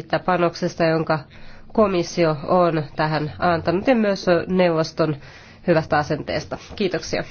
siitä panoksesta, jonka komissio on tähän antanut ja myös neuvoston hyvästä asenteesta. Kiitoksia.